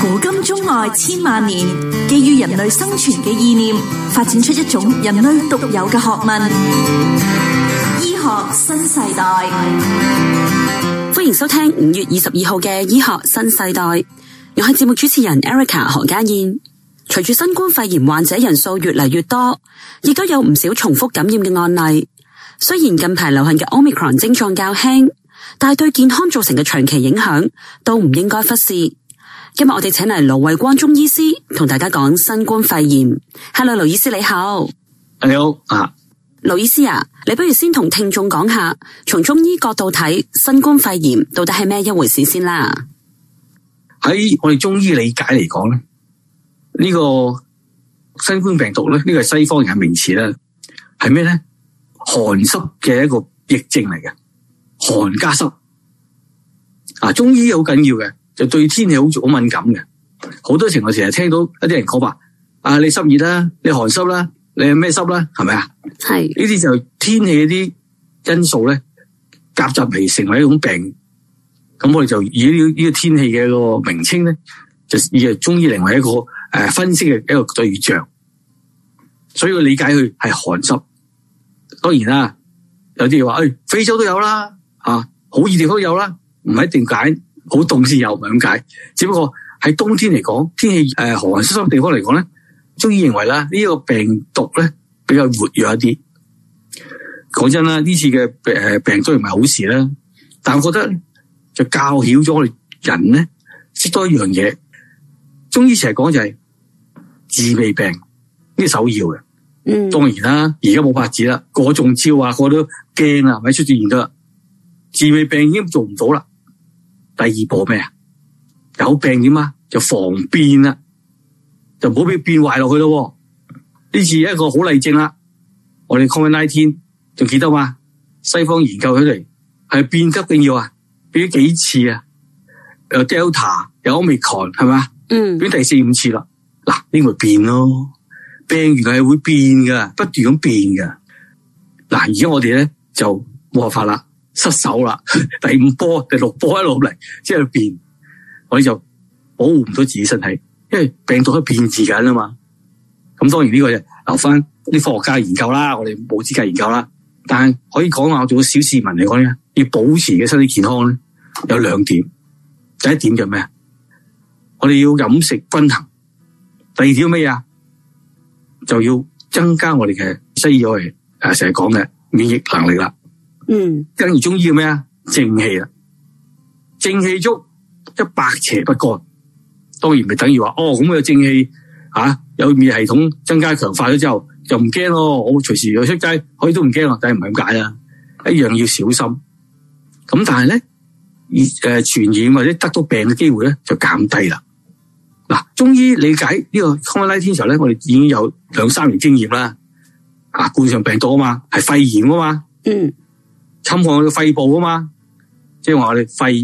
古今中外千萬年，基於人類生存嘅意念，發展出一種人類獨有嘅學問——醫學新世代。歡迎收聽五月二十二號嘅《醫學新世代》，我係節目主持人 Erica 何家燕。隨住新冠肺炎患者人數越嚟越多，亦都有唔少重複感染嘅案例。雖然近排流行嘅 Omicron 症狀較輕。但係對健康造成嘅長期影響都唔應該忽視。今日我哋請嚟盧衛光中醫師同大家講新冠肺炎。Hello，盧醫師你好。你好啊，盧醫師啊，你不如先同聽眾講下，從中醫角度睇新冠肺炎到底係咩一回事先啦。喺我哋中醫理解嚟講咧，呢個新冠病毒咧，呢個係西方人嘅名詞啦，係咩咧？寒濕嘅一個疫症嚟嘅。寒加濕啊，中醫好緊要嘅，就對天氣好好敏感嘅。好多時候成日聽到一啲人講話：啊，你濕熱啦，你寒濕啦，啊，你有咩濕啦，係咪啊？係呢啲就天氣啲因素咧，夾雜嚟成為一種病。咁我哋就以呢呢個天氣嘅一個名稱咧，就以中醫嚟為一個誒分析嘅一個對象。所以我理解佢係寒濕。當然啦，有啲話誒，非洲都有啦。啊，好熱地方有啦，唔係一定解好凍先有，唔係咁解。只不過喺冬天嚟講，天氣誒、呃、寒冷濕濕地方嚟講咧，中醫認為啦，呢個病毒咧比較活躍一啲。講真啦，呢次嘅誒病、呃、病都唔係好事啦，但係我覺得就教曉咗我哋人咧識多一樣嘢。中醫成日講就係治未病呢個首要嘅、嗯，當然啦，而家冇法子啦，個個中招啊，個、個都驚啊，咪出邊得。啦治未病已經做唔到啦，第二步咩啊？有病點啊？就防變啦，就唔好俾變壞落去咯。呢次一個好例證啦，我哋 COVID-19 仲記得嘛？西方研究起嚟係變得重要啊，變咗幾次啊？有 delta 有 omicron 係嘛？嗯，變第四五次啦。嗱，呢個咪變咯，病原來係會變噶，不斷咁變噶。嗱，而家我哋咧就冇辦法啦。失手啦，第五波、第六波一落嚟，即係變，我哋就保護唔到自己身體，因為病毒喺變異緊啊嘛。咁當然呢個就留翻啲科學家研究啦，我哋冇資格研究啦。但係可以講話，我做小市民嚟講咧，要保持嘅身體健康咧，有兩點。第一點就咩啊？我哋要飲食均衡。第二點咩啊？就要增加我哋嘅西藥嚟，誒，成日講嘅免疫能力啦。嗯，跟住中醫叫咩啊？正氣啦，正氣足，一百邪不干。當然咪等於話哦，咁、那、有、個、正氣吓、啊，有免疫系統增加強化咗之後，就唔驚咯。我隨時有出街，可以都唔驚啊。梗係唔係咁解啦，一樣要小心。咁但係咧，誒傳染或者得到病嘅機會咧就減低啦。嗱，中醫理解呢、這個 corona 天時候咧，我哋已經有兩三年經驗啦。啊，冠狀病毒啊嘛，係肺炎啊嘛，嗯。侵害我哋肺部啊嘛，即係話我哋肺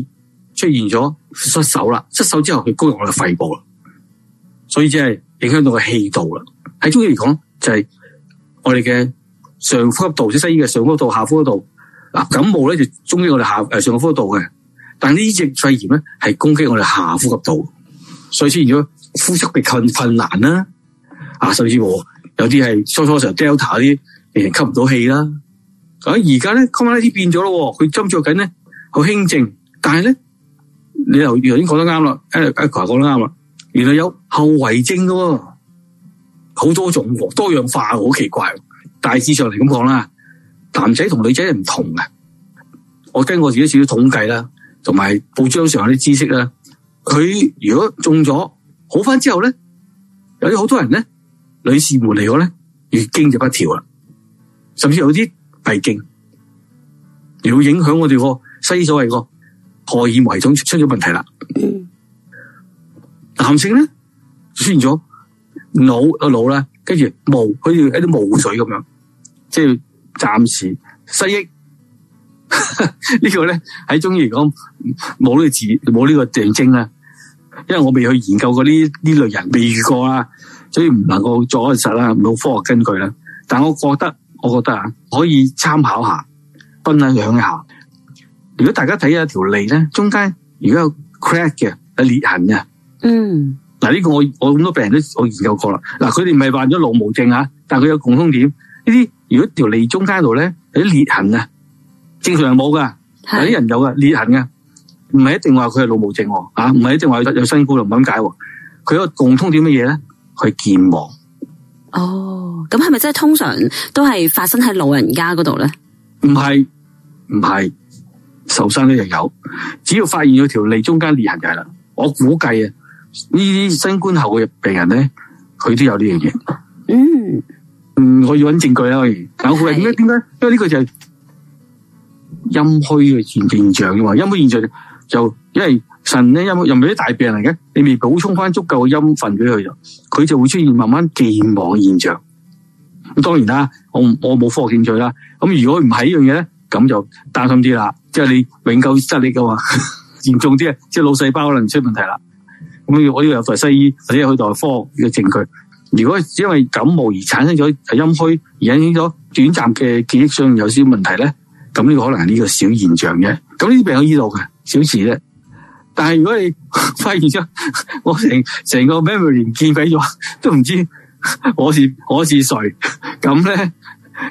出現咗失手啦，失手之後佢攻入我哋肺部啦，所以即係影響到個氣道啦。喺中醫嚟講就係、是、我哋嘅上呼吸道，即係西醫嘅上呼吸道、下呼吸道。嗱，感冒咧就中於我哋下誒、呃、上呼吸道嘅，但呢隻肺炎咧係攻擊我哋下呼吸道，所以出現咗呼吸嘅困困難啦。啊，甚至乎有啲係初初就 Delta 啲人吸唔到氣啦。而家咧，今晚呢啲變咗咯，佢斟酌緊咧，好輕症，但係咧，你又頭先講得啱啦，阿阿華講得啱啦，原來有後遺症噶，好多種，多樣化，好奇怪。大致上嚟咁講啦，男仔同女仔係唔同嘅。我經過自己少少統計啦，同埋報章上有啲知識啦，佢如果中咗好返之後咧，有啲好多人咧，女士們嚟講咧，月經就不調啦，甚至有啲。肺經會影響我哋個西所謂個荷爾蒙系統出咗問題啦，眼睛咧出現咗，腦個腦咧跟住霧好似喺啲霧水咁樣，即係暫時失憶。 個呢個咧喺中醫嚟講冇呢個字冇呢個象徵啦，因為我未去研究過呢呢類人未遇過啦，所以唔能夠再一實啦，冇科學根據啦。但我覺得。我覺得啊，可以參考一下，分享一下。如果大家睇下條脷咧，中間如果有 crack 嘅有裂痕嘅，嗯，嗱、這、呢個我我咁多病人都我研究過啦。嗱，佢哋唔係患咗腦霧症吓，但係佢有共通點。呢啲如果條脷中間度咧有啲裂痕啊，正常係冇噶，有啲人有嘅裂痕啊唔係一定話佢係腦霧症、嗯、啊，唔係一定話有有辛苦唔咁解。佢有共通點乜嘢咧？佢健忘。哦，咁係咪即係通常都係發生喺老人家嗰度咧？唔係，唔係受傷呢樣有，只要發現咗條脷中間裂痕就係啦。我估計啊，呢啲新冠後嘅病人咧，佢都有呢樣嘢。嗯，嗯，我要揾證據啦。我，但係我話點解？點解？因為呢個就係陰虛嘅現現象啊嘛。陰虛現象就因為。神咧，又又唔係啲大病嚟嘅。你未補充翻足夠嘅陰分俾佢就，佢就會出現慢慢健忘嘅現象。咁當然啦，我我冇科學興趣啦。咁如果唔係呢樣嘢咧，咁就擔心啲啦，即係你永久失力嘅話嚴重啲啊，即係腦細胞可能出問題啦。咁我要有佛西醫或者去代科學嘅證據。如果因為感冒而產生咗陰虛而引起咗短暫嘅記憶上有少問題咧，咁呢個可能係呢個小現象嘅。咁呢啲病有醫到嘅，小事呢。但係如果你發現咗我成成個 memory 唔見咗，都唔知我是我是誰？咁咧，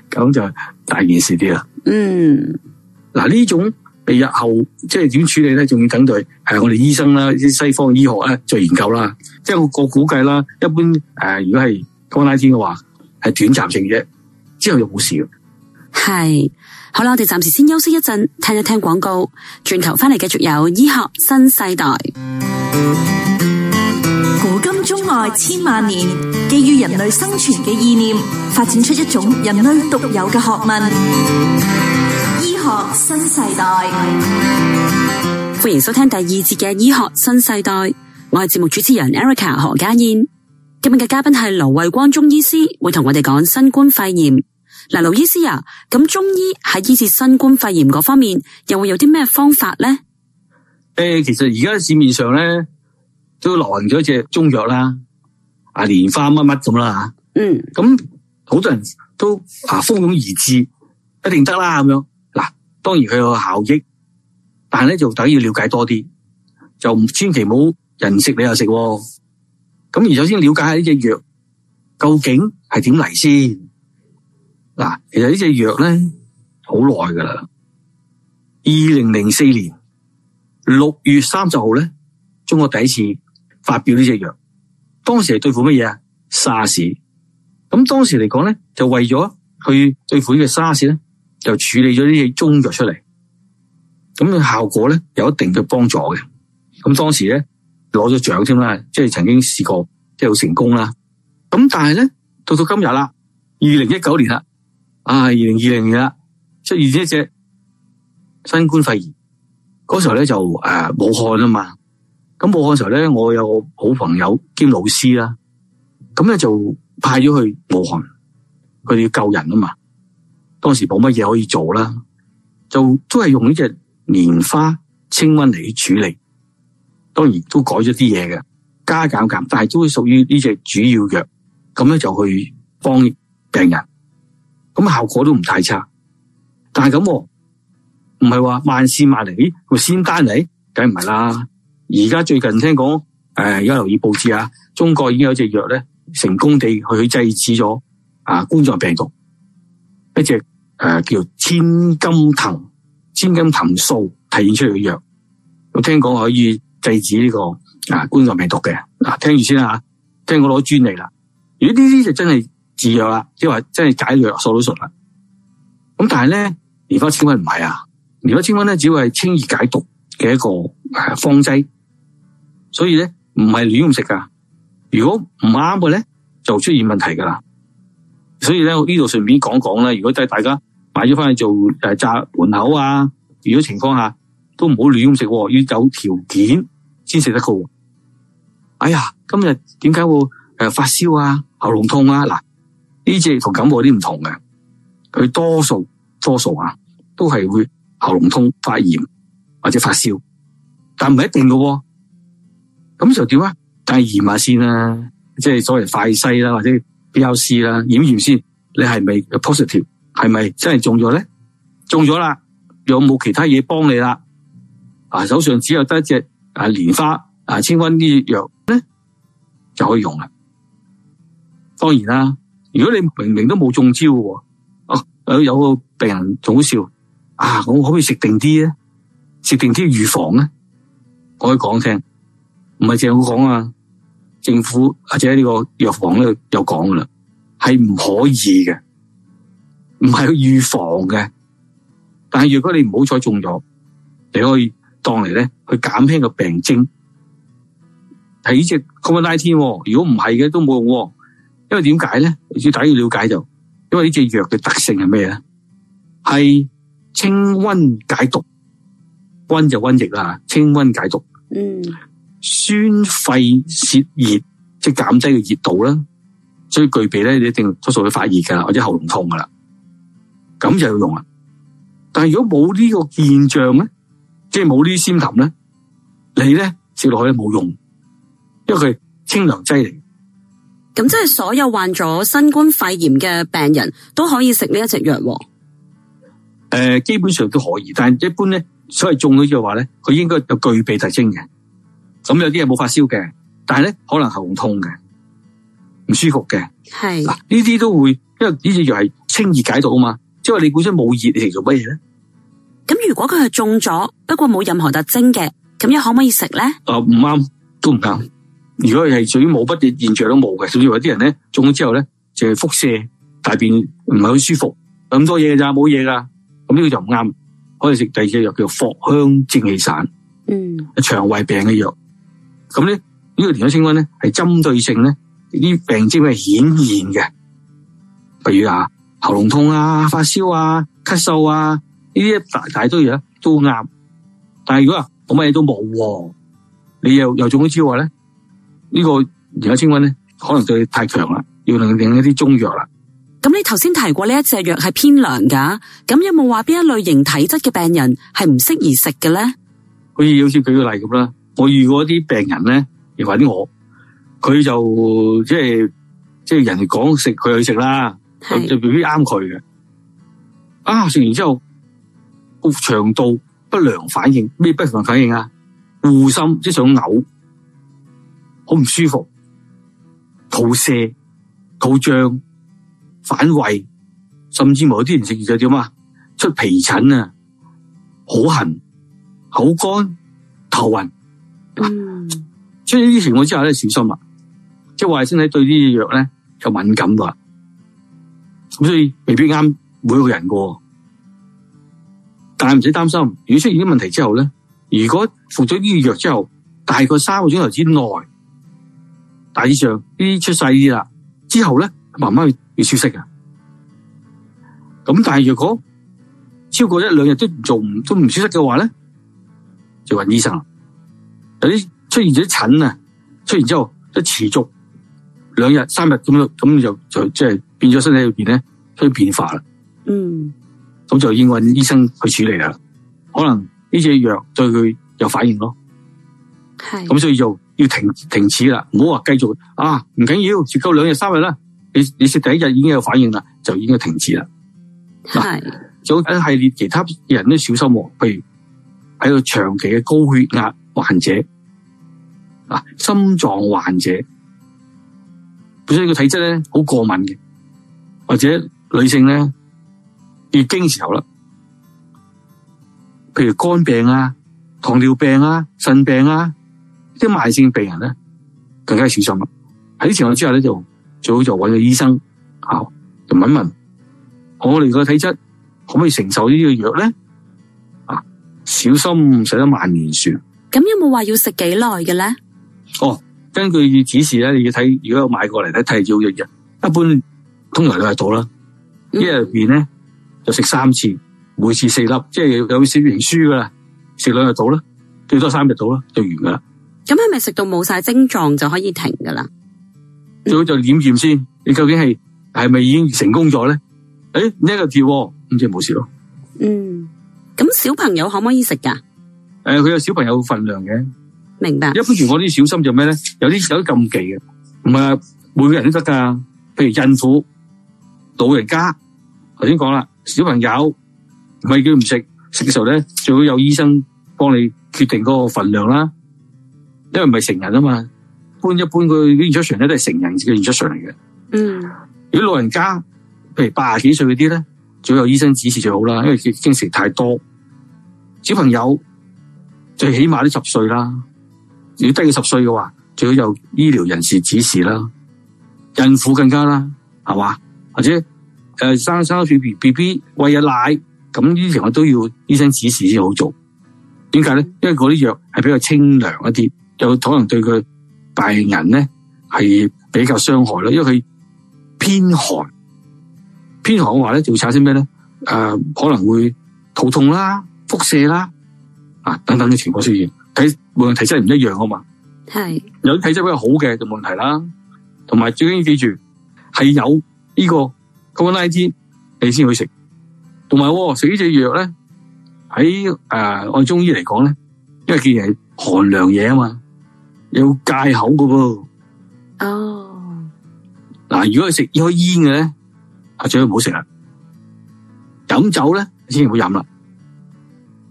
咁就大件事啲啦。嗯，嗱呢種被日後即係點處理咧，仲要等待係我哋醫生啦，啲西方醫學咧做研究啦。即係我我估計啦，一般誒、呃、如果係光拉天嘅話，係短暫性嘅，之後又好少。嘅。係。好啦，我哋暫時先休息一陣，聽一聽廣告，轉頭翻嚟繼續有醫學新世代。古今中外千萬年，基於人類生存嘅意念，發展出一種人類獨有嘅學問——醫學新世代。歡迎收聽第二節嘅醫學新世代，我係節目主持人 Erica 何家燕。今日嘅嘉賓係劉衛光中醫師，會同我哋講新冠肺炎。嗱，劉醫師啊，咁中醫喺醫治新冠肺炎嗰方面，又會有啲咩方法咧？誒，其實而家市面上咧都流行咗一隻中藥啦，啊，蓮花乜乜咁啦吓。嗯。咁好多人都啊，蜂擁而至，一定得啦咁樣。嗱，當然佢有個效益，但係咧就等於了解多啲，就千祈唔好人食你又食，咁而首先了解下呢隻藥究竟係點嚟先。嗱，其實呢隻藥咧好耐噶啦，二零零四年六月三十號咧，中國第一次發表呢隻藥，當時係對付乜嘢啊？沙士，咁當時嚟講咧，就為咗去對付呢個沙士咧，就處理咗呢隻中藥出嚟，咁佢效果咧有一定嘅幫助嘅，咁當時咧攞咗獎添啦，即係曾經試過，即係好成功啦，咁但係咧到到今日啦，二零一九年啦。啊，二零二零年啦，出現一隻新冠肺炎嗰時候咧就誒武漢啊嘛，咁武漢時候咧我有個好朋友兼老師啦，咁咧就派咗去武漢，佢哋要救人啊嘛，當時冇乜嘢可以做啦，就都係用呢隻蓮花清瘟嚟去處理，當然都改咗啲嘢嘅，加減減，但係都會屬於呢隻主要藥，咁咧就去幫病人。咁效果都唔太差，但係咁、啊，唔係話萬事萬利，個仙丹嚟，梗唔係啦。而家最近聽講，誒，而家留意報紙啊，中國已經有隻藥咧，成功地去制止咗啊，冠狀病毒，一隻誒叫做千金藤，千金藤素提煉出嚟嘅藥，我聽講可以制止呢個啊冠狀病毒嘅。嗱，聽住先啦吓，聽我攞專利啦。如果呢啲就真係。治藥啦，即係係解藥，掃到純啦。咁但係咧，蓮花清瘟唔係啊。蓮花清瘟咧，只會係清熱解毒嘅一個方劑，所以咧唔係亂咁食噶。如果唔啱嘅咧，就出現問題噶啦。所以咧，呢度順便講講啦。如果即係大家買咗翻去做誒，炸門口啊，如果情況下都唔好亂咁食，要有條件先食得嘅。哎呀，今日點解會誒發燒啊，喉嚨痛啊嗱。呢隻同感冒啲唔同嘅，佢多數多數啊，都係會喉嚨痛、發炎或者發燒，但唔係一定嘅喎。咁就點啊？但係驗下先啦，即係所謂快篩啦，或者 P O C 啦，驗完先，你係咪 positive？係咪真係中咗咧？中咗啦，有冇其他嘢幫你啦？啊，手上只有得一隻啊蓮花啊清瘟啲藥咧，就可以用啦。當然啦。如果你明明都冇中招，喎、啊，有個病人仲好笑，啊，我可唔可以食定啲咧，食定啲預防呢？我可以講聽，唔係淨係好講啊，政府或者個藥呢個藥房咧有講噶啦，係唔可以嘅，唔係去預防嘅，但係如果你唔好再中咗，你可以當嚟咧去減輕個病徵，係呢隻 COVID-19、哦、喎，如果唔係嘅都冇用、哦。因為點解咧？要大家要了解就，因為呢隻藥嘅特性係咩咧？係清瘟解毒，瘟就瘟疫啦，清瘟解毒。嗯，宣肺泄熱，即係減低個熱度啦。所以具備咧，你一定多數會發熱噶，或者喉嚨痛噶啦，咁就要用啦。但係如果冇呢個現象咧，即係冇呢啲咽喉咧，你咧食落去冇用，因為佢清涼劑嚟。咁即係所有患咗新冠肺炎嘅病人，都可以食呢一隻藥？誒、呃，基本上都可以，但係一般咧，所謂中咗藥話咧，佢應該有具備特徵嘅。咁有啲嘢冇發燒嘅，但係咧可能喉痛嘅，唔舒服嘅。係嗱，呢、啊、啲都會，因為呢隻藥係清熱解毒啊嘛。即係話你本身冇熱嚟，做乜嘢咧？咁如果佢係中咗，不過冇任何特徵嘅，咁樣可唔可以食咧？啊、呃，唔啱，都唔啱。如果係屬於冇乜嘅現象都冇嘅，甚至話啲人咧中咗之後咧就係腹瀉、大便唔係好舒服，咁多嘢咋，冇嘢噶，咁呢個就唔啱。可以食第二隻藥叫藿香正氣散，嗯，腸胃病嘅藥。咁咧呢個田七清瘟咧係針對性咧呢啲病徵係顯現嘅，比如啊喉嚨痛啊、發燒啊、咳嗽啊呢啲一大大堆嘢都啱。但係如果啊我乜嘢都冇，你又又中咗之後咧？呢、個而家清瘟咧，可能就太強啦，要另一啲中藥啦。咁你頭先提過呢一隻藥係偏涼噶，咁有冇話邊一類型體質嘅病人係唔適宜食嘅咧？好似好似舉個例咁啦，我遇過一啲病人咧嚟搵我，佢就即係即係人哋講食，佢去食啦，就未、是就是、必啱佢嘅。啊，食完之後，腸道不良反應咩不良反應啊？護心即、就是、想嘔。好唔舒服，肚瀉、肚脹、反胃，甚至乎有啲人食完就點啊？出皮疹啊，好痕、口乾、頭暈。嗯，出現呢啲情況之後咧，小心啦，即係話身體對呢啲藥咧就敏感㗎。咁所以未必啱每個人噶。但係唔使擔心，如果出現啲問題之後咧，如果服咗呢啲藥之後，大概三個鐘頭之內。大致上啲出世啲啦，之後咧慢慢要消失嘅。咁但係若果超過一兩日都唔做唔都唔消失嘅話咧，就搵醫生啦。有啲出現咗啲疹啊，出現之後一持續兩日三日咁樣，咁就就即係變咗身體入邊咧，出變化啦。嗯，咁就要搵醫生去處理啦。可能呢隻藥對佢有反應咯，係咁所以就。要停停止啦，唔好話繼續啊！唔緊要，食夠兩日三日啦。你你食第一日已經有反應啦，就已經停止啦。係，仲有一系列其他人都小心喎，譬如喺個長期嘅高血壓患者啊，心臟患者，本身個體質咧好過敏嘅，或者女性咧月經時候啦，譬如肝病啊、糖尿病啊、腎病啊。啲慢性病人咧更加小心喺情況之下咧，就最好就揾個醫生，就問問我哋個體質可唔可以承受個藥，呢個藥咧？啊，小心使得萬年船。咁有冇話要食幾耐嘅咧？哦，根據指示咧，你要睇。如果有買過嚟睇，睇要一日，日一般通常都兩日到啦，嗯。一日入邊咧就食三次，每次四粒，即係有小型書噶啦，食兩日到啦，最多三日到啦，就完噶啦。咁係咪食到冇晒症狀就可以停噶啦？最好就檢驗先。你究竟係係咪已經成功咗咧？誒，呢一個字唔知冇事咯。嗯，咁小朋友可唔可以食噶？誒，佢有小朋友份量嘅。明白。一般情況都要小心，就咩咧？有啲有啲禁忌嘅，唔係每個人都得噶。譬如孕婦、老人家，頭先講啦，小朋友唔係叫唔食食嘅時候咧，最好有醫生幫你決定嗰個份量啦。因為唔係成人啊嘛，搬一般個演出上咧都係成人嘅演出上嚟嘅。嗯，如果老人家，譬如八十幾歲嗰啲咧，最好有醫生指示最好啦，因為進食太多。小朋友最起碼都十歲啦，如果低於十歲嘅話，最好有醫療人士指示啦。孕婦更加啦，係嘛？或者誒生生咗 B B B B 喂嘢奶，咁呢啲嘢我都要醫生指示先好做。點解咧？因為嗰啲藥係比較清涼一啲。就可能對佢大人咧係比較傷害咯，因為佢偏寒，偏寒嘅話咧就會產生咩咧？誒、呃，可能會肚痛啦、腹瀉啦啊等等嘅情況出現。睇、嗯、每個人體質唔一樣啊嘛，係、嗯、有啲體質比較好嘅就冇問題啦。同埋最緊要記住係有呢個 COVID-19 你先去食，同埋、哦呃、我食呢隻藥咧喺誒按中醫嚟講咧，因為佢係寒涼嘢啊嘛。有戒口㗎噃，哦，嗱、oh.，如果係食開煙嘅咧，最好唔好食啦；飲酒咧，先至唔好飲啦；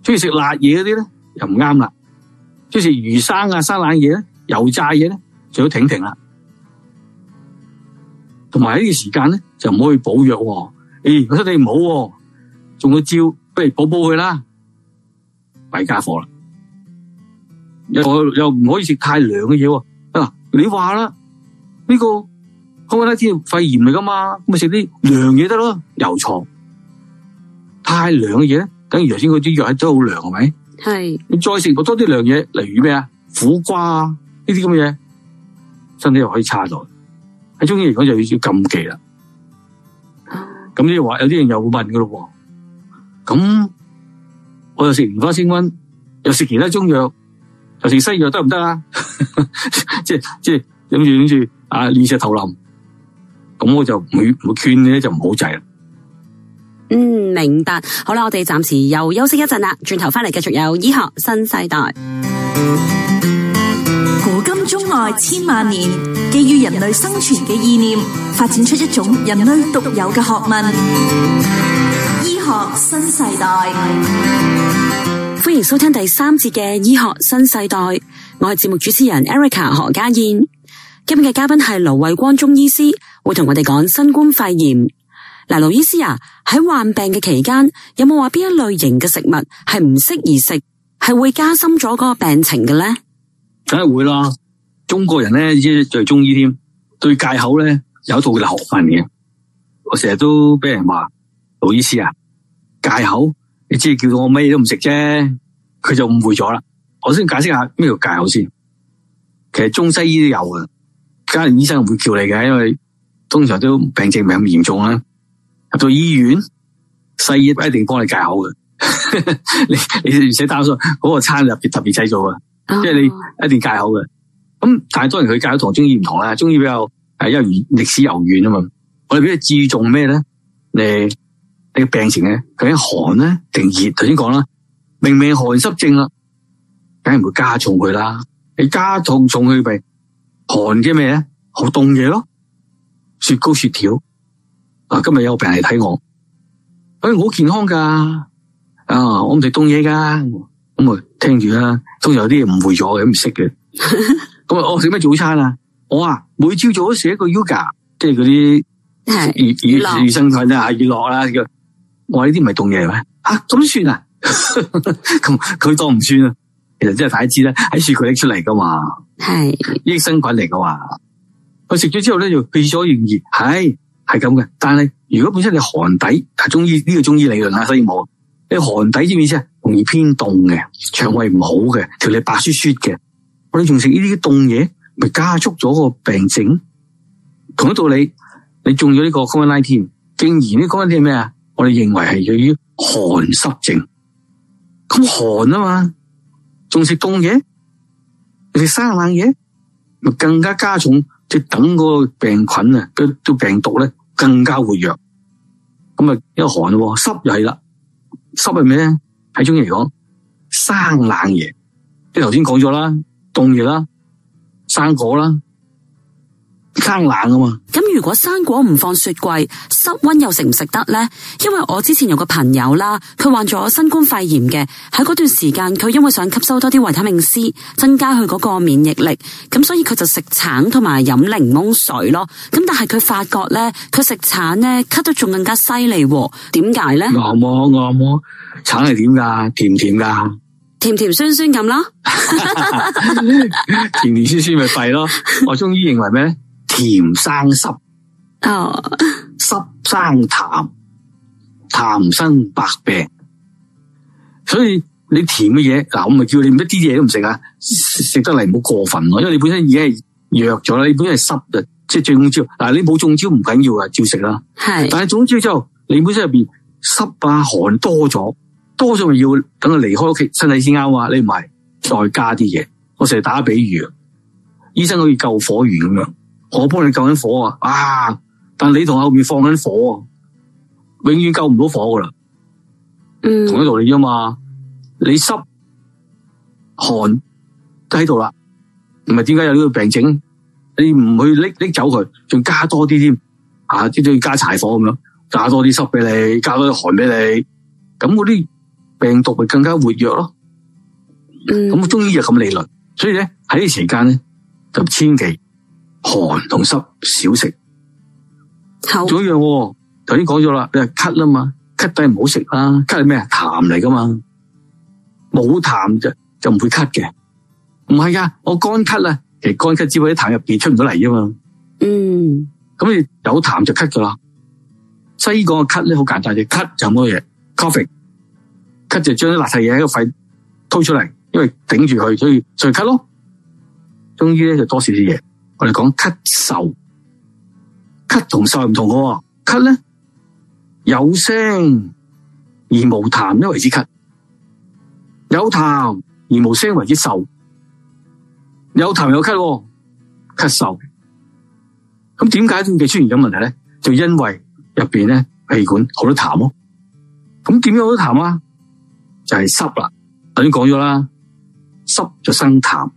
中意食辣嘢嗰啲咧，又唔啱啦；中意食魚生啊、生冷嘢咧、油炸嘢咧，最好停停啦。同埋呢個時間咧，就唔可以補藥、哦。誒、哎，我覺得你唔好、哦，仲要照，不如補補佢啦，弊家伙啦。又又唔可以食太涼嘅嘢喎。你話啦，呢、這個講翻啦，知肺炎嚟噶嘛？咁咪食啲涼嘢得咯，油菜、太涼嘅嘢咧，等於頭先嗰啲藥喺都好涼係咪？係你再食多啲涼嘢，例如咩啊，苦瓜啊呢啲咁嘅嘢，身體又可以差咗。喺中醫嚟講就要要禁忌啦。咁呢個話有啲人又會問噶咯，咁我又食連花清瘟，又食其他中藥。行行 就先西藥得唔得啊？即係即係諗住諗住啊，亂石投林，咁我就唔會唔勸你咧，就唔好制啦。嗯，明白。好啦，我哋暫時又休息一陣啦，轉頭翻嚟繼續有醫學新世代。古今中外千萬年，基於人類生存嘅意念，發展出一種人類獨有嘅學問——醫學新世代。歡迎收聽第三節嘅醫學新世代，我係節目主持人 Erica 何家燕。今日嘅嘉賓係盧衛光中醫師，會同我哋講新冠肺炎。嗱，盧醫師啊，喺患病嘅期間，有冇話邊一類型嘅食物係唔適宜食，係會加深咗個病情嘅咧？梗係會啦，中國人咧，即係對中醫添，對戒口咧，有一套嘅學問嘅。我成日都俾人話，盧醫師啊，戒口。你只係叫到我咩都唔食啫，佢就誤會咗啦。我先解釋下咩叫戒口先。其實中西醫都有㗎，家人醫生會叫你嘅，因為通常都病症唔係咁嚴重啦，入到醫院，西醫一定幫你戒口嘅。你你唔使擔心嗰個餐入邊特別製造㗎，即、uh、係 -huh. 你一定戒口嘅。咁但係當然佢戒口同中醫唔同啦，中醫比較係因為歷史悠遠啊嘛。我哋比較注重咩咧？你？你嘅病情咧，究竟寒咧定熱，頭先講啦，明明寒濕症啦，梗係唔會加重佢啦，你加重重佢咪寒嘅咩？好凍嘢咯，雪糕、雪條。啊，今日有個病人嚟睇我，哎、欸，我好健康噶，啊，我唔食凍嘢噶，咁、嗯、啊，聽住啦，通常有啲嘢誤會咗，咁唔識嘅，咁、嗯、啊，我食咩早餐啊？我啊，每朝早都食一個 yoga，即係嗰啲乳乳乳，乳，乳生菌啦，乳啦。乳乳乳乳乳我呢啲唔係凍嘢咩？啊，咁算啊？咁 佢當唔算啊？其實真係太知咧，喺雪櫃拎出嚟噶嘛，係益生菌嚟噶嘛。佢食咗之後咧，就去咗熱。係係咁嘅。但係如果本身寒你寒底，係中醫呢個中醫理論啦，所以冇你寒底知唔知啊？容易偏凍嘅，腸胃唔好嘅，條脷白雪雪嘅。我哋仲食呢啲凍嘢，咪加速咗個病症。同一道理，你中咗呢個 COVID-19 添，竟然呢 COVID-19 係咩啊？我哋認為係由於寒濕症，咁寒啊嘛，仲食凍嘢，食生冷嘢，咪更加加重，即等嗰個病菌啊，嗰啲病毒咧更加活躍，咁啊，因為寒濕又係啦，濕係咩？喺中醫嚟講，生冷嘢，即係頭先講咗啦，凍嘢啦，生果啦。生冷啊嘛！咁如果生果唔放雪櫃，室溫又食唔食得呢？因為我之前有個朋友啦，佢患咗新冠肺炎嘅，喺嗰段時間佢因為想吸收多啲維他命 C，增加佢嗰個免疫力，咁所以佢就食橙同埋飲檸檬水咯。咁但係佢發覺呢，佢食橙呢，咳得仲更加犀利。點解呢？我冇，我冇。橙係點噶？甜唔甜噶？甜甜酸酸咁咯。 甜甜酸酸咪弊咯。 我中醫認為咩？甜生濕，oh. 濕生痰，痰生百病。所以你甜嘅嘢嗱，我咪叫你一啲嘢都唔食啊，食得嚟唔好過分咯。因為你本身已經係弱咗啦，你本身係濕嘅，即係中招嗱。你冇中招唔緊要啊，就照食啦。係，但係中招之後你本身入邊濕啊寒多咗，多咗咪要等佢離開屋企身體先啱啊。你唔係再加啲嘢，我成日打比喻，醫生好似救火員咁樣。我幫你救緊火啊！啊，但你同我後面放緊火啊，永遠救唔到火噶啦。嗯，同一道理啫嘛。你濕寒都喺度啦，唔係點解有呢個病症？你唔去拎拎走佢，仲加多啲添啊！即係要加柴火咁樣，加多啲濕俾你，加多啲寒俾你，咁嗰啲病毒咪更加活躍咯。嗯，咁中醫有咁理論，所以咧喺呢個時間咧就千祈。寒同濕少食，好仲有樣頭先講咗啦，你係咳啦嘛，咳底唔好食啦。咳係咩痰嚟噶嘛？冇痰就就唔會咳嘅，唔係㗎，我乾咳呢，其實乾咳只不過啲喺痰入邊出唔到嚟啫嘛。嗯，咁你有痰就咳噶啦。西醫講嘅咳咧好簡單嘅，咳就冇嘢。coffee 咳就將啲垃圾嘢喺個肺推出嚟，因為頂住佢，所以就咳咯。中醫咧就多少少嘢。我哋講咳嗽，咳同嗽又唔同嘅，咳咧有聲而無痰，因為之咳；有痰而無聲為之嗽。有痰有咳，咳嗽。咁點解佢出現咗問題咧？就因為入邊咧氣管好多痰咯。咁點樣好多痰啊？就係濕啦，頭先講咗啦，濕就生痰。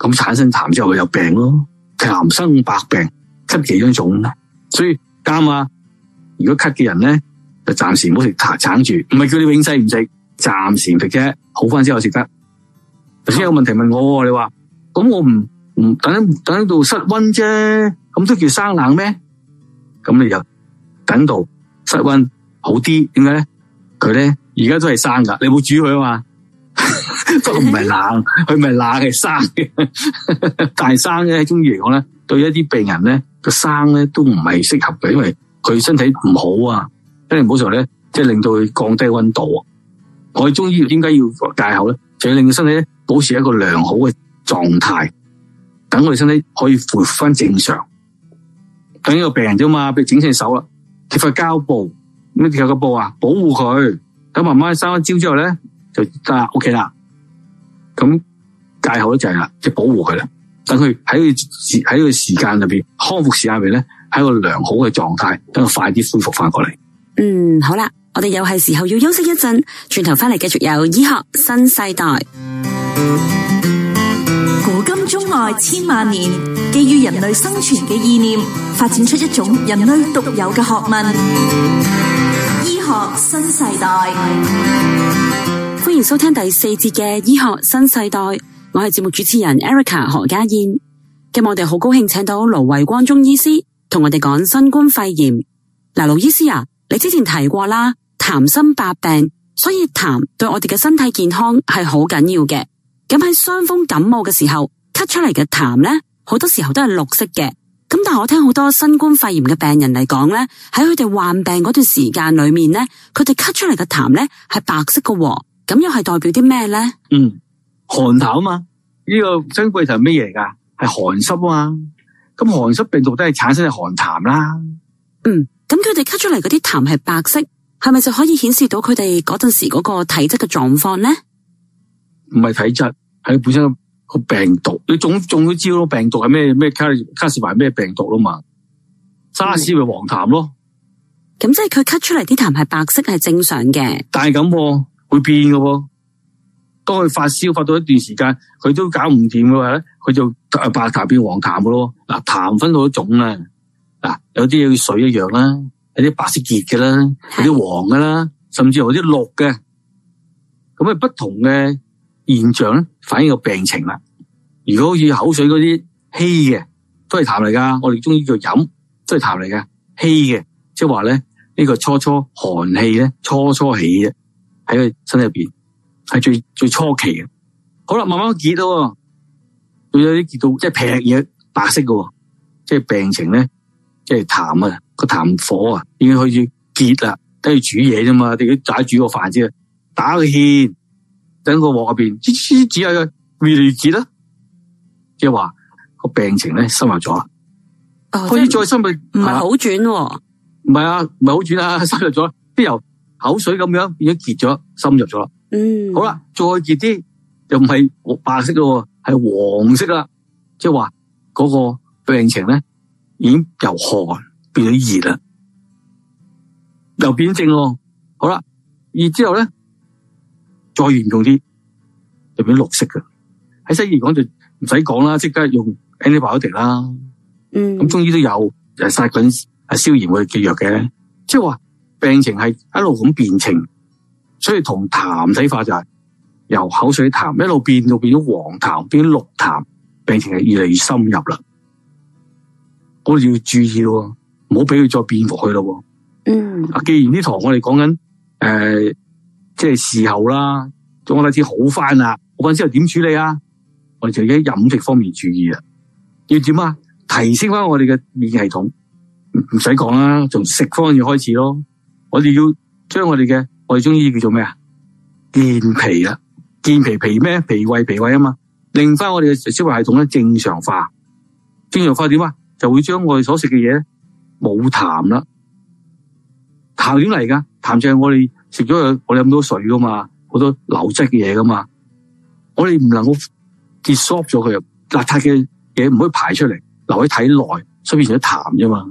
咁產生痰之後佢有病咯，痰生百病，咳幾樣種咧。所以啱啊，如果咳嘅人咧，就暫時唔好食痰，鏟住，唔係叫你永世唔食，暫時唔食啫，好翻之後食得。頭先有個問題問我，你話咁我唔唔等等到室溫啫，咁都叫生冷咩？咁你就等到室溫好啲，點解咧？佢咧而家都係生噶，你冇煮佢啊嘛。 不過唔係冷，佢唔係冷，係生嘅， 但係生咧，中醫嚟講咧，對一啲病人咧個生咧都唔係適合嘅，因為佢身體唔好啊。因為唔好時候咧，即係令到佢降低溫度。我哋中醫點解要戒口咧？就要令到身體保持一個良好嘅狀態，等我哋身體可以回翻正常。等呢個病人啫嘛，譬如整成手啦，貼塊膠布，咩叫個布啊？保護佢，等慢慢生翻焦之後咧，就得啦，O K 啦。OK 咁戒口咧就係啦，即係保護佢啦，等佢喺佢時喺佢時間入邊康復時間入邊咧，喺一個良好嘅狀態，等佢快啲恢復翻過嚟。嗯，好啦，我哋又係時候要休息一陣，轉頭翻嚟繼續有醫學新世代。古今中外千萬年，基於人類生存嘅意念，發展出一種人類獨有嘅學問——醫學新世代。歡迎收聽第四節嘅醫學新世代，我係節目主持人 Erica 何家燕。今日我哋好高興請到盧衛光中醫師同我哋講新冠肺炎。嗱，盧醫師啊，你之前提過啦，痰生百病，所以痰對我哋嘅身體健康係好緊要嘅。咁喺傷風感冒嘅時候咳出嚟,嘅痰咧，好多時候都係綠色嘅。咁但係我聽好多新冠肺炎嘅病人嚟講咧，喺佢哋患病嗰段時間裏面咧，佢哋咳出嚟嘅痰咧係白色嘅喎。咁又係代表啲咩咧？嗯，寒痰嘛，呢、嗯，這個珍貴就係咩嘢嚟噶？係寒濕啊嘛，咁寒濕病毒都係產生嘅寒痰啦。嗯，咁佢哋咳出嚟嗰啲痰係白色，係咪就可以顯示到佢哋嗰陣時嗰個體質嘅狀況咧？唔係體質，係本身個病毒。你中中咗招，知道病毒係咩咩卡卡士埋咩病毒啊嘛？沙士咪黃痰咯。咁即係佢咳出嚟啲痰係白色，係正常嘅。但係咁。會變噶喎，當佢發燒發到一段時間，佢都搞唔掂嘅話，佢就白痰變黃痰嘅咯。嗱，痰分好多種啦，嗱，有啲水一樣啦，有啲白色結嘅啦，有啲黃嘅啦，甚至有啲綠嘅，咁啊不同嘅現象咧，反映個病情啦。如果好似口水嗰啲稀嘅，都係痰嚟噶，我哋中醫叫飲，都係痰嚟噶，稀嘅即係話咧，呢個初初寒氣咧，初初起嘅。喺佢身體入邊係最最初期嘅。好啦，慢慢結，結到，佢有啲結到即係平嘢白色嘅，即係病情咧，即係痰啊，個痰火啊，已經開始結啦，等於煮嘢啫嘛，己仔煮個飯先，打個芡，等個鑊入邊，吱吱吱，滋，係越嚟越結啦，即係話個病情呢，深入咗啦，可、哦、以再深入唔係好轉，唔係啊，唔係好轉啊，深入咗，邊有？口水咁樣，已經結咗，深入咗啦。嗯，好啦，再熱啲，又唔係白色咯，係黃色啦。即係話嗰個病情咧，已經由寒變咗熱啦，又變症。好啦，熱之後咧，再嚴重啲，就變綠色嘅。喺西醫講就唔使講啦，即刻用 Antibiotic 啦。嗯，咁中醫都有，就係殺菌啊，消炎嘅藥嘅，即係話。病情係一路咁變情，所以同痰睇法就係、是、由口水痰一路變到變咗黃痰，變咗綠痰，病情係越嚟越深入啦。我哋要注意咯，唔好俾佢再變返去咯。嗯，啊，既然呢堂我哋講緊誒，即係事後啦，我例子好翻啦，我問之後點處理啊？我哋就喺飲食方面注意啊，要點啊？提升翻我哋嘅免疫系統，唔使講啦，從食方面開始咯。我哋要將我哋嘅我哋中醫叫做咩啊？健脾啦，健脾脾咩？脾胃脾胃啊嘛，令翻我哋嘅消化系統咧，正常化。正常化點啊？就會將我哋所食嘅嘢冇痰啦。痰點嚟噶？痰就係我哋食咗我哋飲咗水噶嘛，好多流質嘅嘢噶嘛。我哋唔能夠吸收咗佢，邋遢嘅嘢唔可以排出嚟，留喺體內，所以變成痰啫嘛。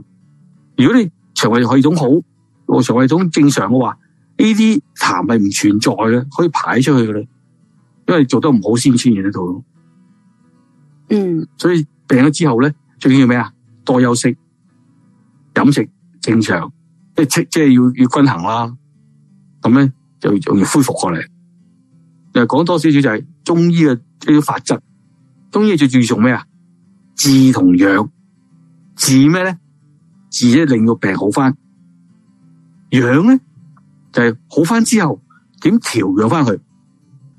如果你腸胃系統好。我腸胃總正常嘅話，呢啲痰係唔存在嘅，可以排出去嘅啦。因為做得唔好先出現呢套。嗯，所以病咗之後咧，最緊要咩啊？多休息，飲食正常，即係即係要要均衡啦。咁咧就容易恢復過嚟。又講多少少就係中醫嘅呢啲法則。中醫最注重咩啊？治同養，治咩咧？治一令到病好翻。養咧就係好翻之後，點調養翻佢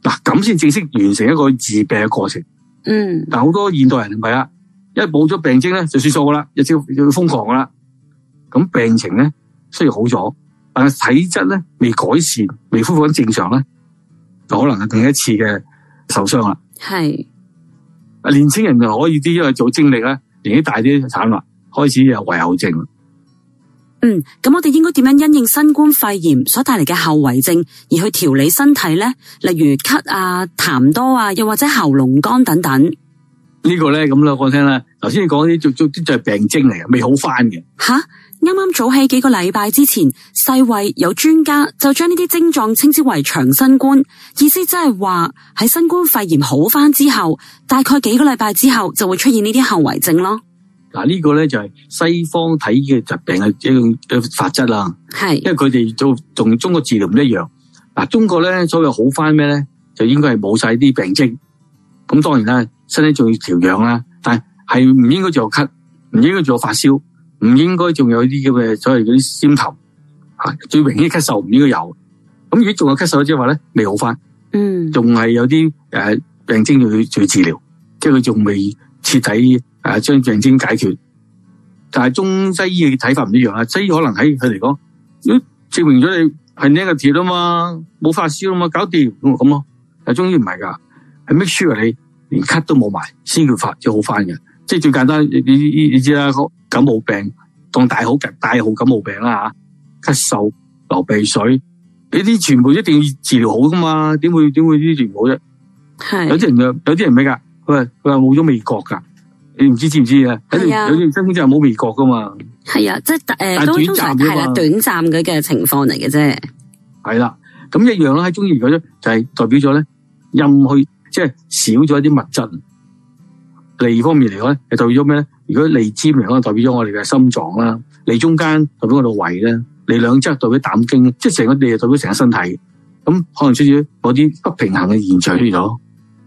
嗱，咁先正式完成一個治病嘅過程。嗯，但好多現代人唔係啊，因為冇咗病徵咧就算數噶啦，一朝要瘋狂噶啦。咁病情咧雖然好咗，但係體質咧未改善，未恢復正常咧，就可能係第一次嘅受傷啦。係，啊年輕人就可以啲，因為做精力咧，年紀大啲就慘啦，開始有後遺症。嗯，咁我哋應該點樣因應新冠肺炎所帶嚟嘅後遺症，而去調理身體呢？例如咳啊、痰多啊，又或者喉嚨乾等等。這個、呢個咧，咁啦，我聽啦，頭先你講啲，就就就係病徵嚟嘅，未好翻嘅。吓，啱啱早起幾個禮拜之前，世衛有專家就將呢啲症狀稱之為長新冠，意思即係話喺新冠肺炎好翻之後，大概幾個禮拜之後就會出現呢啲後遺症咯。嗱、這、呢個咧就係西方睇嘅疾病嘅一種嘅法則啦，係，因為佢哋做同中國治療唔一樣。嗱，中國咧所謂好翻咩咧，就應該係冇晒啲病徵。咁當然啦，身體仲要調養啦，但係係唔應該仲有咳，唔應該仲有發燒，唔應該仲有啲叫嘅所謂嗰啲先頭吓，最明顯咳嗽唔應該有。咁如果仲有咳嗽即係話咧，未好翻，嗯，仲係有啲誒病徵要去治療，即係佢仲未徹底。誒，將症徵解決，但係中西醫嘅睇法唔一樣啊！西醫可能喺佢嚟講，證明咗你係呢個字啊嘛，冇發燒啊嘛，搞掂咁咁咯。但中醫唔係噶，係 make sure 你連咳都冇埋先會發，就好翻嘅。即係最簡單，你你知啦，感冒病當大好大好感冒病啦吓，咳嗽、流鼻水呢啲全部一定要治療好噶嘛，點會點會呢？全部啫。係有啲人有啲人咩噶？佢話佢話冇咗味覺噶。你唔知知唔知嘅？啊、有段有段真真正冇味覺噶嘛？係啊，即係誒、呃，短暫係啊，短暫嘅情況嚟嘅啫。係啦，咁一樣啦，喺中醫嚟講咧就係代表咗咧，陰虛即係、就是、少咗一啲物質。利方面嚟講咧，係代表咗咩咧？如果利尖嚟講，代表咗我哋嘅心臟啦；利中間代表我哋胃咧；利兩側代表膽經，即係成個利代表成個身體。咁可能出現咗啲不平衡嘅現象出咗。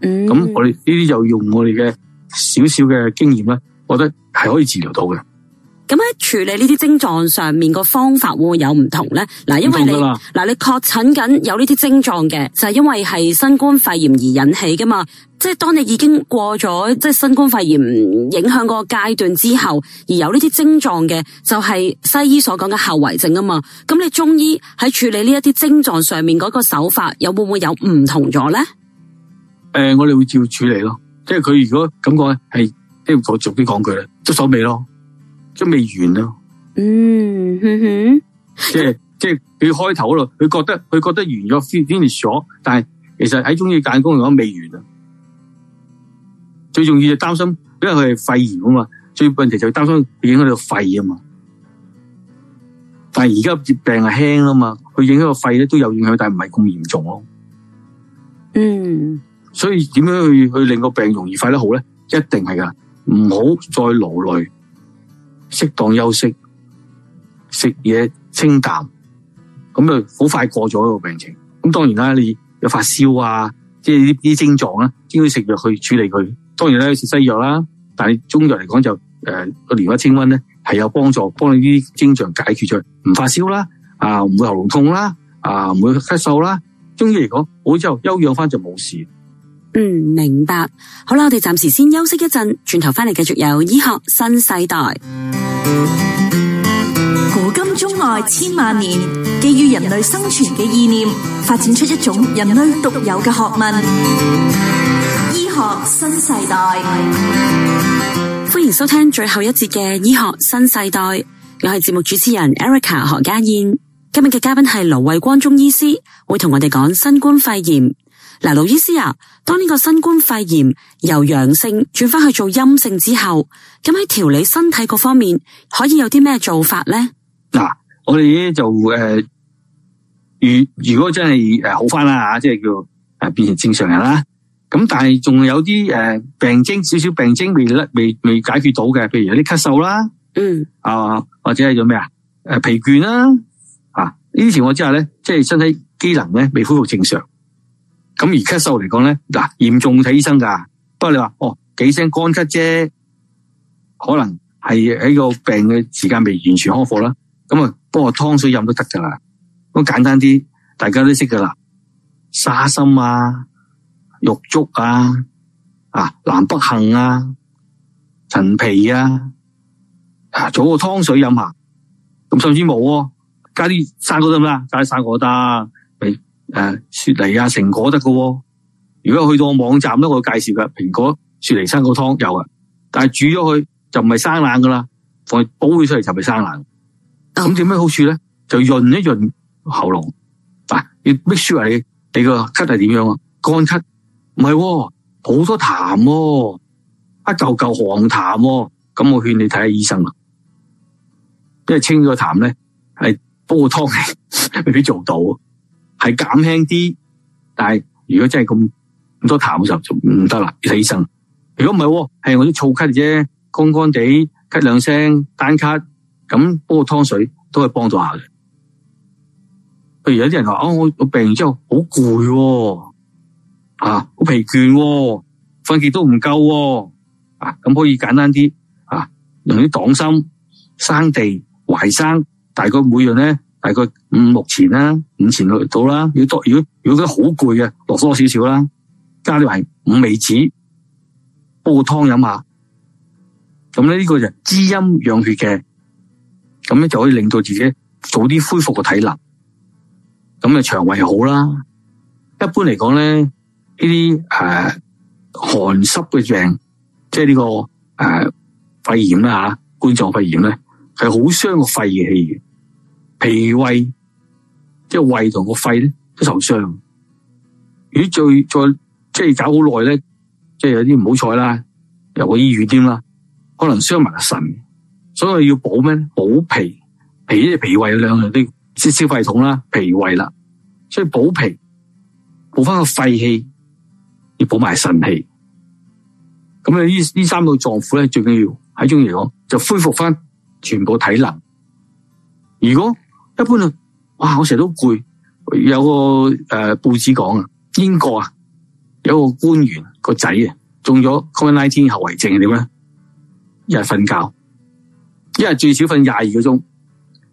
咁、嗯、我哋呢啲就用我哋嘅少少嘅經驗咧，我覺得係可以治療到嘅。咁喺處理呢啲症狀上面個方法會唔會有唔同咧？嗱，因為你嗱你確診緊有呢啲症狀嘅，就係因為係新冠肺炎而引起噶嘛。即係當你已經過咗即係新冠肺炎影響個階段之後，而有呢啲症狀嘅，就係西醫所講嘅後遺症啊嘛。咁你中醫喺處理呢一啲症狀上面嗰個手法，有會唔會有唔同咗咧？誒、呃，我哋會照處理咯。即係佢如果咁講，係即係我逐啲講佢啦，即係收尾咯，即未完咯。嗯。嗯，即係 即係佢開頭咯，佢覺得佢覺得完咗 finish 咗，但係其實喺中醫解工嚟講未完啊。最重要就擔心，因為佢係肺炎啊嘛，最問題就擔心影響到肺啊嘛。但係而家疾病係輕啊嘛，佢影響個肺咧都有影響，但係唔係咁嚴重咯。嗯。所以點樣去去令個病容易快得好咧？一定係噶，唔好再勞累，適當休息，食嘢清淡，咁啊好快過咗個病情。咁當然啦，你有發燒啊，即係啲啲症狀咧，應該食藥去處理佢。當然啦，食西藥啦，但係中藥嚟講就誒個連花清瘟咧係有幫助，幫你啲症狀解決咗，唔發燒啦，啊、呃、唔會喉嚨痛啦，啊、呃、唔會咳嗽啦。中醫嚟講，好之後休養翻就冇事。嗯，明白，好啦，我哋暫時先休息一陣，轉頭翻嚟繼續有醫學新世代。古今中外千萬年，基於人類生存嘅意念，發展出一種人類獨有嘅學問——醫學新世代。歡迎收聽最後一節嘅醫學新世代，我係節目主持人 Erica 何家燕，今日嘅嘉賓係盧慧光中醫師，會同我哋講新冠肺炎。嗱，盧醫師啊，當呢個新冠肺炎由陽性轉翻去做陰性之後，咁喺調理身體嗰方面可以有啲咩做法咧？嗱、啊，我哋咧就誒、呃，如如果真係誒好翻啦吓，即係叫誒變成正常人啦。咁但係仲有啲誒病徵，少少病徵未甩，未未解決到嘅，譬如有啲咳嗽啦，嗯啊，或者係做咩啊？誒疲倦啦，啊呢啲情況之下咧，即係身體機能咧未恢復正常。咁而咳嗽嚟講咧，嗱，嚴重睇醫生噶。不過你話哦，幾聲乾咳啫，可能係喺個病嘅時間未完全康復啦。咁啊，煲個湯水飲都得噶啦，咁簡單啲，大家都識噶啦。沙參啊，玉竹啊，啊南北杏啊，陳皮啊，啊做個湯水飲下，咁甚至冇，啊，加啲生果得唔得？加啲生果得。誒，雪梨啊，成果得噶喎。如果去到我網站都我會，介紹㗎。蘋果雪梨生果湯有啊。但係煮咗佢就唔係生冷噶啦，放煲起出嚟就係生冷。咁有咩好處咧？就潤一潤喉嚨。啊，要 make sure 你，你個咳係點樣啊？乾咳？唔係，好多痰，一嚿嚿黃痰。咁我勸你睇下醫生啦，因為清咗個痰咧係煲個湯未必做到。係減輕啲，但係如果真係咁咁多痰嘅時候就就唔得啦，要睇醫生。如果唔係，係我啲燥咳啫，乾乾哋咳兩聲單咳，咁煲個湯水都係幫助下嘅。譬如有啲人話，哦，我病完之後好攰、哦，啊，好疲倦、哦，瞓極都唔夠、哦，啊，咁可以簡單啲，啊，用啲黨參、生地、淮山，大概每樣咧。大概五六錢啦，五錢到啦。要多，如果如果覺得好攰嘅，落多少少啦，加啲埋五味子煲湯飲下。咁咧呢個就滋陰養血嘅，咁咧就可以令到自己早啲恢復個體能。咁啊腸胃好啦。一般嚟講咧，呢啲誒寒濕嘅病，即係呢、這個誒、呃、肺炎啦吓、啊，冠狀肺炎咧，係好傷個肺嘅氣源。脾胃即係胃同個肺咧都受傷，如果再再即係搞好耐咧，即係有啲唔好彩啦，入個醫院添啦，可能傷埋個腎，所以要補咩？補脾，脾即係脾胃有兩樣啲，即係消化系統啦，脾胃啦，所以補脾，補翻個肺氣，要補埋腎氣，咁啊，呢呢三個臟腑咧最緊要喺中醫嚟講，就恢復翻全部體能，如果，一般啊，哇！我成日都攰。有個誒報紙講啊，英國啊，有個官員個仔啊，中咗 COVID-19 後遺症係點咧？一日瞓覺，一日最少瞓廿二個鐘。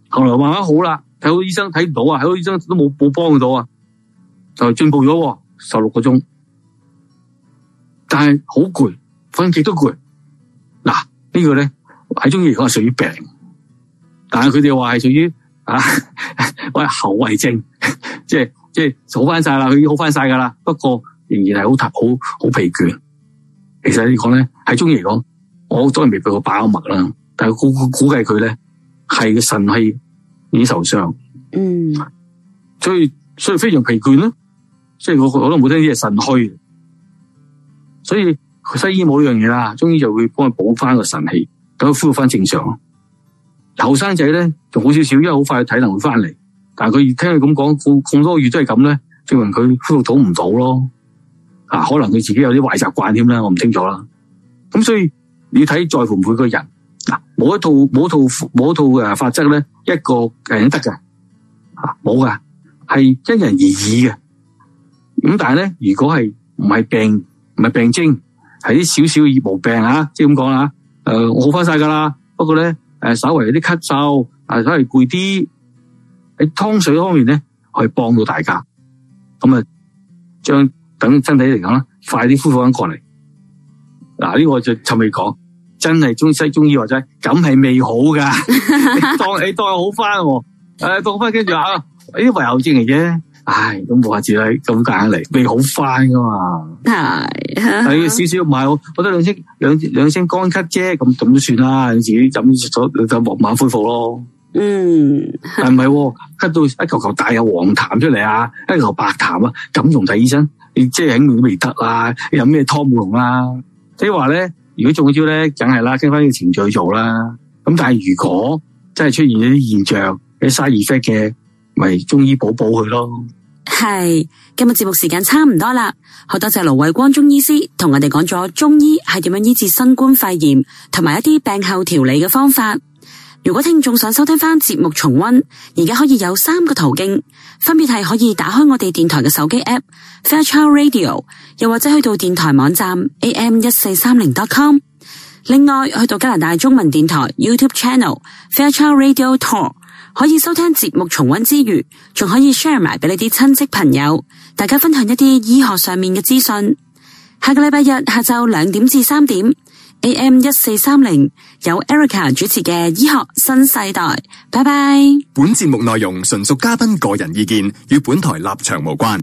後來慢慢好啦，睇好醫生睇唔到啊，睇好醫生都冇冇幫到啊，就進步咗十六個鐘。但係好攰，瞓極都攰。嗱，這個，呢個咧喺中醫嚟講係屬於病，但係佢哋話係屬於。啊！ 我係後遺症，即係即係好翻晒啦，佢、就是、已經好翻晒噶啦。不過仍然係好頭好好疲倦。其實嚟講咧，喺中醫嚟講，我當然未俾佢把握脈啦。但係估估計佢咧係個腎氣已經受傷，嗯，所以所以非常疲倦咯。所以我我都冇聽啲嘢腎虛，所以西醫冇呢樣嘢啦。中醫就會幫佢補翻個腎氣，等佢恢復翻正常。後生仔咧，仲好少少，因為好快體能會翻嚟。但係佢越聽佢咁講，咁咁多個月都係咁咧，證明佢恢復到唔到咯。啊，可能佢自己有啲壞習慣添啦，我唔清楚啦。咁所以你睇，在乎唔在乎每個人冇、啊、一套冇一套冇一套嘅法則咧，一個人得嘅冇噶係因人而異嘅。咁、啊、但係咧，如果係唔係病唔係病徵，係啲少少嘅毛病啊，即係咁講啦。誒、啊，我好翻晒噶啦，不過咧。稍為有啲咳嗽，稍為攰啲。喺湯水方面呢，可以幫到大家。咁啊，將等身體嚟講啦，快啲恢復翻過嚟。嗱，呢個就趁未講，真係中西中醫或者咁係未好的 你當你當好翻，誒，凍返。跟住啊，呢啲維喉症嚟啫。唉，咁冇話自己咁夾硬嚟，未好翻噶嘛？係，係少少唔係，我覺得兩聲兩兩聲乾咳啫，咁點算啦？你自己飲咗就，就慢慢恢復咯。嗯， 但唔係咳到一嚿嚿大嘅黃痰出嚟啊，一嚿白痰啊，咁仲睇醫生？你即係肯定都未得啦，你有咩湯冇用啦。即係話咧，如果中招咧，梗係啦，經翻個程序，去做啦。咁但係如果真係出現咗啲現象，你 side effect 嘅。咪、就是、中醫補補佢咯。係今日節目時間差唔多啦，好多謝盧衛光中醫師同我哋講咗中醫係點樣醫治新冠肺炎，同埋一啲病後調理嘅方法。如果聽眾想收聽翻節目重溫，而家可以有三個途徑，分別係可以打開我哋電台嘅手機 app Fairchild Radio，又或者去到電台網站 am 一四三零 dot com，另外去到加拿大中文電台 YouTube Channel Fairchild Radio Talk。可以收聽節目重溫之餘，仲可以 share 埋俾你啲親戚朋友，大家分享一啲醫學上面嘅資訊。下個禮拜日下晝兩點至三點，AM 一四三零，由 Erica 主持嘅醫學新世代，拜拜。本節目內容純屬嘉賓個人意見，與本台立場無關。